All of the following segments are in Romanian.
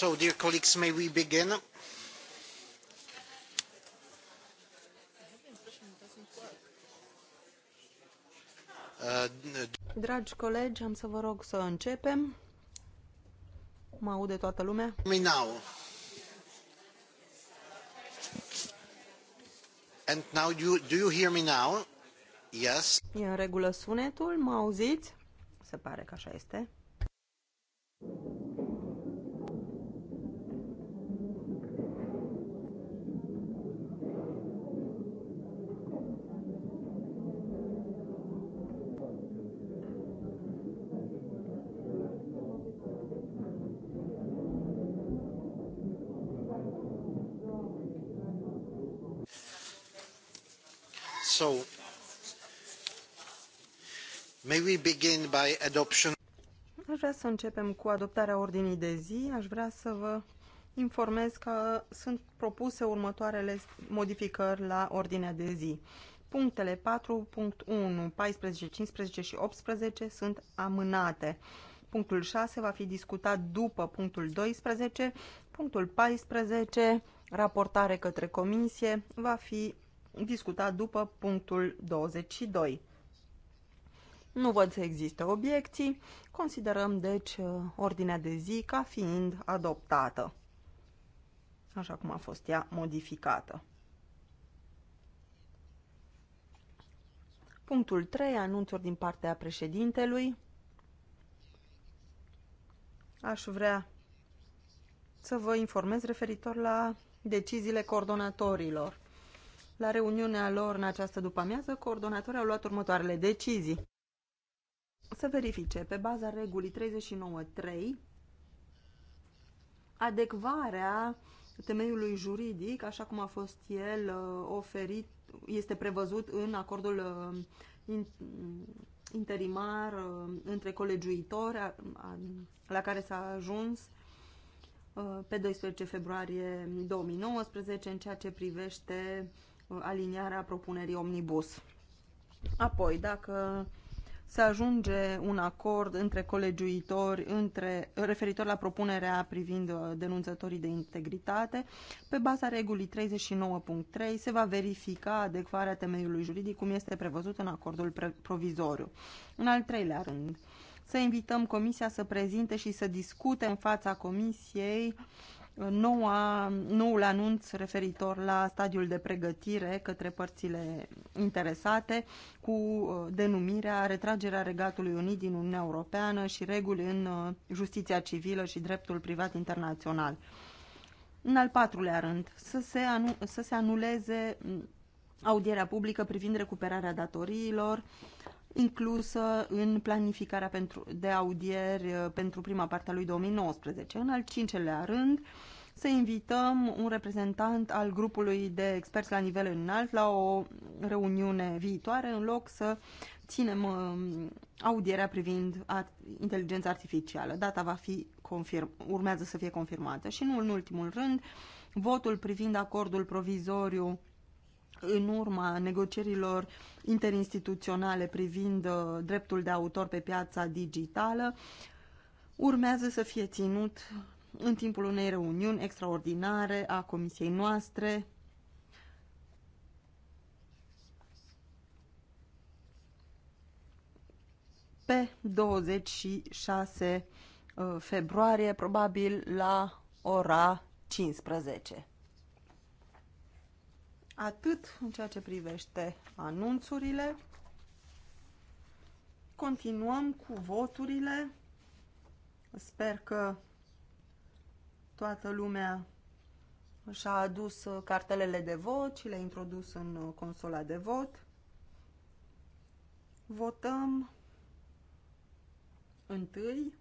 So, dear colleagues, may we begin? Uh, Dragi colegi, am să vă rog să începem. Mă aude toată lumea? Me now. And now you, do you hear me now? Yes. E în regulă sunetul? Mă auziți? Se pare că așa este. So, may we begin by adoption? Aș vrea să începem cu adoptarea ordinii de zi. Aș vrea să vă informez că sunt propuse următoarele modificări la ordinea de zi. Punctele 4.1, 14, 15 și 18 sunt amânate. Punctul 6 va fi discutat după punctul 12. Punctul 14, raportare către comisie, va fi discuta după punctul 22. Nu văd să existe obiecții, considerăm deci ordinea de zi ca fiind adoptată, așa cum a fost ea modificată. Punctul 3, anunțuri din partea președintelui. Aș vrea să vă informez referitor la deciziile coordonatorilor. La reuniunea lor în această după-amiază, coordonatorii au luat următoarele decizii. Să verifice, pe baza regulii 39.3, adecvarea temeiului juridic, așa cum a fost el uh, oferit, este prevăzut în acordul uh, interimar uh, între colegiuitori la care s-a ajuns pe 12 februarie 2019 în ceea ce privește aliniarea propunerii omnibus. Apoi, dacă se ajunge un acord între colegiuitori între, referitor la propunerea privind uh, denunțătorii de integritate. Pe baza regulii 39.3 se va verifica adecvarea temeiului juridic cum este prevăzut în acordul provizoriu. În al treilea rând, să invităm Comisia să prezinte și să discute în fața Comisiei uh, noua, noul anunț referitor la stadiul de pregătire către părțile interesate cu uh, denumirea retragerea Regatului Unit din Uniunea Europeană și reguli în uh, justiția civilă și dreptul privat internațional. În al patrulea rând, să se, anu să se anuleze mm, audierea publică privind recuperarea datoriilor, inclusă în planificarea pentru, de audieri uh, pentru prima parte a lui 2019. În al cincelea rând, să invităm un reprezentant al grupului de experți la nivel înalt la o reuniune viitoare, în loc să ținem um, audierea privind inteligența artificială. Data va fi confirm, urmează să fie confirmată. Și nu în ultimul rând, votul privind acordul provizoriu în urma negocierilor interinstituționale privind uh, dreptul de autor pe piața digitală, urmează să fie ținut în timpul unei reuniuni extraordinare a comisiei noastre pe 26 uh, februarie, probabil la ora 15 atât în ceea ce privește anunțurile. Continuăm cu voturile. Sper că toată lumea și-a adus cartelele de vot și le-a introdus în consola de vot. Votăm întâi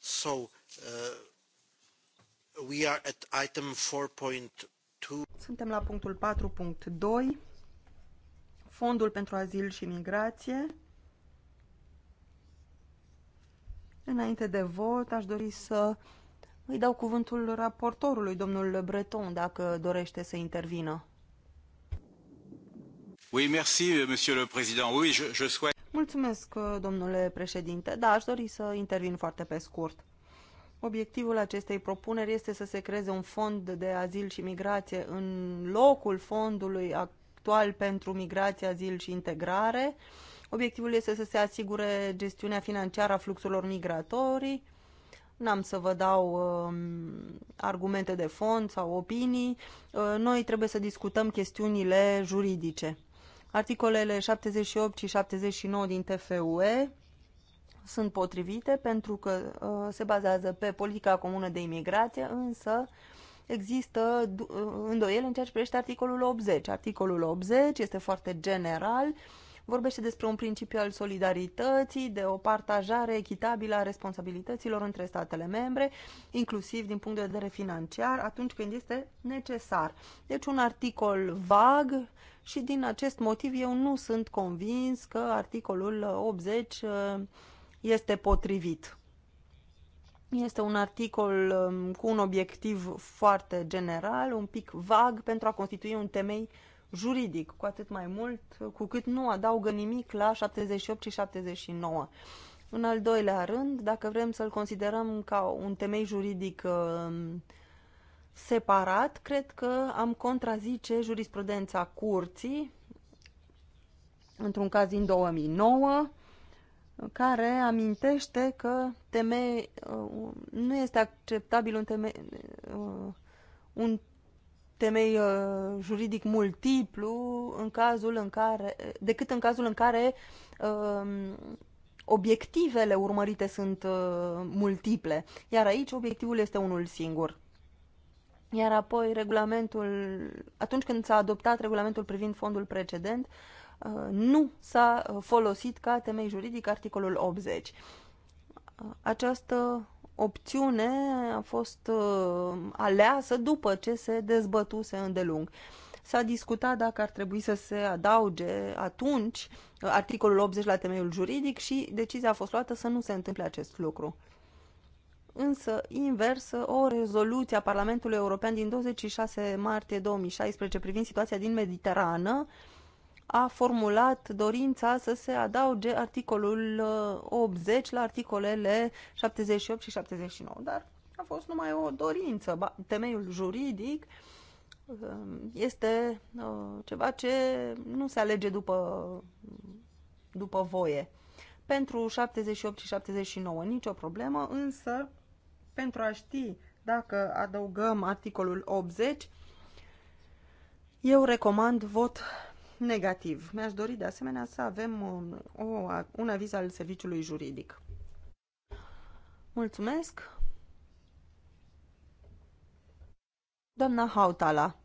So, uh, we are at item 4.2. Suntem la punctul 4.2, Fondul pentru Azil și Migrație. Înainte de vot, aș dori să îi dau cuvântul raportorului, domnul Breton, dacă dorește să intervină. Oui, merci, monsieur le président. Oui, je, je souhaite... Mulțumesc, domnule președinte. Da, aș dori să intervin foarte pe scurt. Obiectivul acestei propuneri este să se creeze un fond de azil și migrație în locul fondului actual pentru migrație, azil și integrare. Obiectivul este să se asigure gestiunea financiară a fluxurilor migratorii. N-am să vă dau um, argumente de fond sau opinii. Uh, noi trebuie să discutăm chestiunile juridice. Articolele 78 și 79 din TFUE sunt potrivite pentru că uh, se bazează pe politica comună de imigrație, însă există uh, îndoiel în ceea ce privește articolul 80. Articolul 80 este foarte general vorbește despre un principiu al solidarității, de o partajare echitabilă a responsabilităților între statele membre, inclusiv din punct de vedere financiar, atunci când este necesar. Deci un articol vag și din acest motiv eu nu sunt convins că articolul 80 uh, este potrivit. Este un articol um, cu un obiectiv foarte general, un pic vag, pentru a constitui un temei juridic, cu atât mai mult, cu cât nu adaugă nimic la 78 și 79. În al doilea rând, dacă vrem să-l considerăm ca un temei juridic um, separat, cred că am contrazice jurisprudența curții, într-un caz din 2009, care amintește că temei, uh, nu este acceptabil un temei, uh, un temei uh, juridic multiplu în cazul în care, decât în cazul în care uh, obiectivele urmărite sunt uh, multiple, iar aici obiectivul este unul singur. Iar apoi regulamentul, atunci când s-a adoptat regulamentul privind fondul precedent, uh, nu s-a uh, folosit ca temei juridic articolul 80. Uh, această opțiune a fost uh, aleasă după ce se dezbătuse îndelung. S-a discutat dacă ar trebui să se adauge atunci uh, articolul 80 la temeiul juridic și decizia a fost luată să nu se întâmple acest lucru. Însă, invers, o rezoluție a Parlamentului European din 26 martie 2016 privind situația din Mediterană a formulat dorința să se adauge articolul 80 uh, la articolele 78 și 79, dar a fost numai o dorință. Temeiul juridic uh, este uh, ceva ce nu se alege după, după voie. Pentru 78 și 79 nicio problemă, însă pentru a ști dacă adăugăm articolul 80, eu recomand vot negativ. Mi-aș dori de asemenea să avem um, o, un aviz al serviciului juridic. Mulțumesc! Doamna Hautala,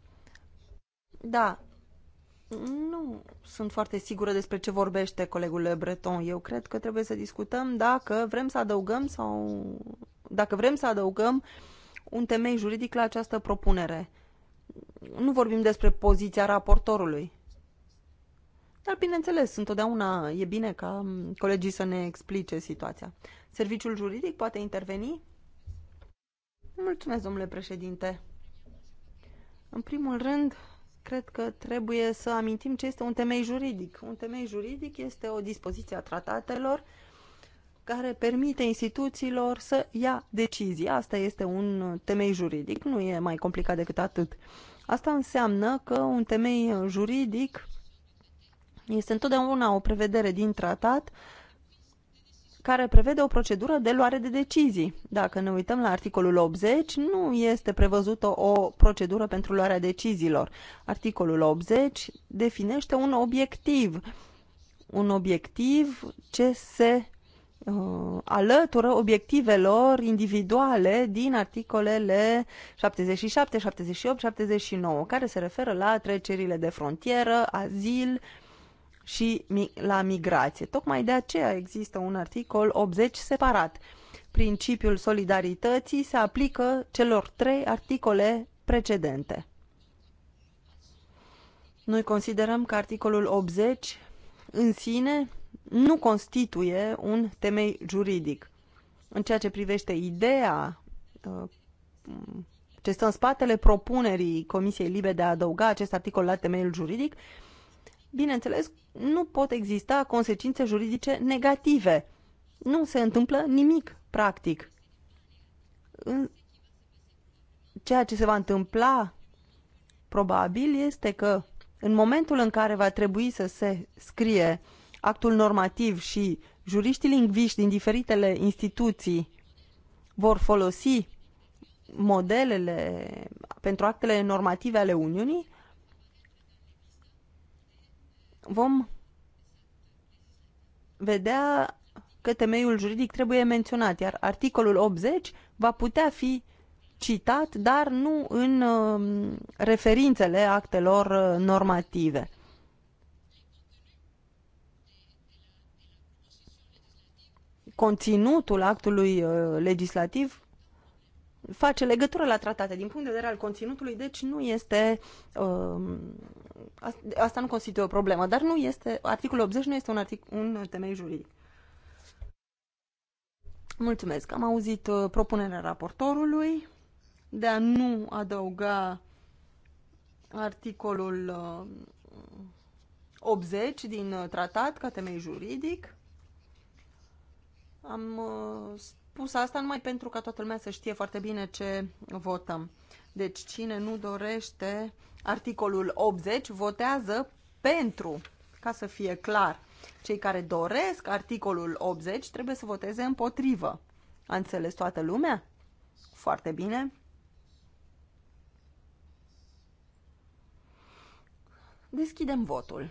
da, nu sunt foarte sigură despre ce vorbește colegul Breton. Eu cred că trebuie să discutăm dacă vrem să adăugăm sau dacă vrem să adăugăm un temei juridic la această propunere. Nu vorbim despre poziția raportorului. Dar, bineînțeles, întotdeauna e bine ca colegii să ne explice situația. Serviciul juridic poate interveni? Mulțumesc, domnule președinte. În primul rând, cred că trebuie să amintim ce este un temei juridic. Un temei juridic este o dispoziție a tratatelor care permite instituțiilor să ia decizii. Asta este un temei juridic, nu e mai complicat decât atât. Asta înseamnă că un temei juridic este întotdeauna o prevedere din tratat care prevede o procedură de luare de decizii. Dacă ne uităm la articolul 80, nu este prevăzută o procedură pentru luarea deciziilor. Articolul 80 definește un obiectiv, un obiectiv ce se uh, alătură obiectivelor individuale din articolele 77, 78, 79, care se referă la trecerile de frontieră, azil, uh, și la migrație. Tocmai de aceea există un articol 80 separat. Principiul solidarității se aplică celor trei articole precedente. Noi considerăm că articolul 80 în sine nu constituie un temei juridic. În ceea ce privește ideea uh, ce stă în spatele propunerii Comisiei Libe de a adăuga acest articol la temeiul juridic, bineînțeles, nu pot exista consecințe juridice negative. Nu se întâmplă nimic, practic. În ceea ce se va întâmpla, probabil, este că în momentul în care va trebui să se scrie actul normativ și juriștii lingviști din diferitele instituții vor folosi modelele pentru actele normative ale Uniunii, vom vedea că temeiul juridic trebuie menționat, iar articolul 80 va putea fi citat, dar nu în um, referințele actelor uh, normative. Conținutul actului uh, legislativ face legătură la tratate din punct de vedere al conținutului, deci nu este um, Asta nu constituie o problemă, dar nu este, articolul 80 nu este un, artic, un temei juridic. Mulțumesc. Am auzit uh, propunerea raportorului de a nu adăuga articolul 80 uh, din uh, tratat ca temei juridic. Am spus asta numai pentru ca toată lumea să știe foarte bine ce votăm. Deci cine nu dorește articolul 80 votează pentru, ca să fie clar. Cei care doresc articolul 80 trebuie să voteze împotrivă. A înțeles toată lumea? Foarte bine. Deschidem votul.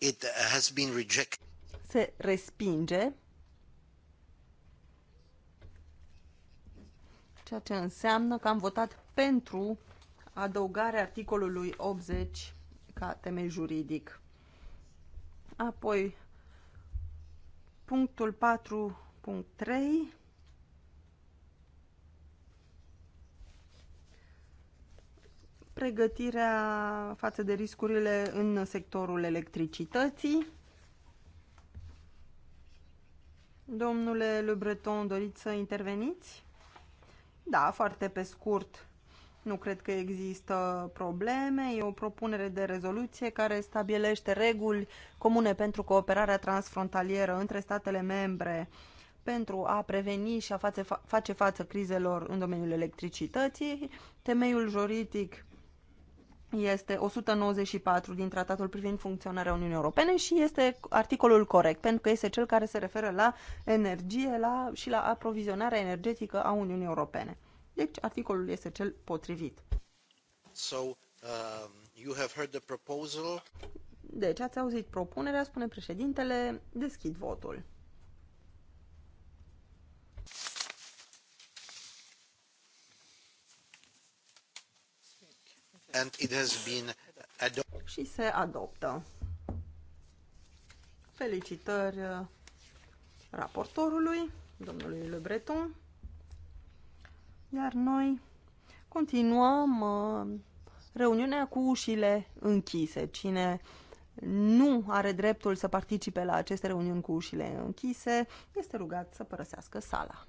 It uh, has been rejected. Se respinge. Ceea ce înseamnă că am votat pentru adăugarea articolului 80 ca temei juridic. Apoi, punctul 4.3 pregătirea față de riscurile în sectorul electricității. Domnule Le Breton, doriți să interveniți? Da, foarte pe scurt. Nu cred că există probleme. E o propunere de rezoluție care stabilește reguli comune pentru cooperarea transfrontalieră între statele membre pentru a preveni și a face, fa face față crizelor în domeniul electricității. Temeiul juridic este 194 din Tratatul privind funcționarea Uniunii Europene și este articolul corect, pentru că este cel care se referă la energie la, și la aprovizionarea energetică a Uniunii Europene. Deci articolul este cel potrivit. So, uh, you have heard the proposal. Deci ați auzit propunerea, spune președintele, deschid votul. and it has been adopted. Și se adoptă. Felicitări uh, raportorului, domnului Le Breton. Iar noi continuăm uh, reuniunea cu ușile închise. Cine nu are dreptul să participe la aceste reuniuni cu ușile închise, este rugat să părăsească sala.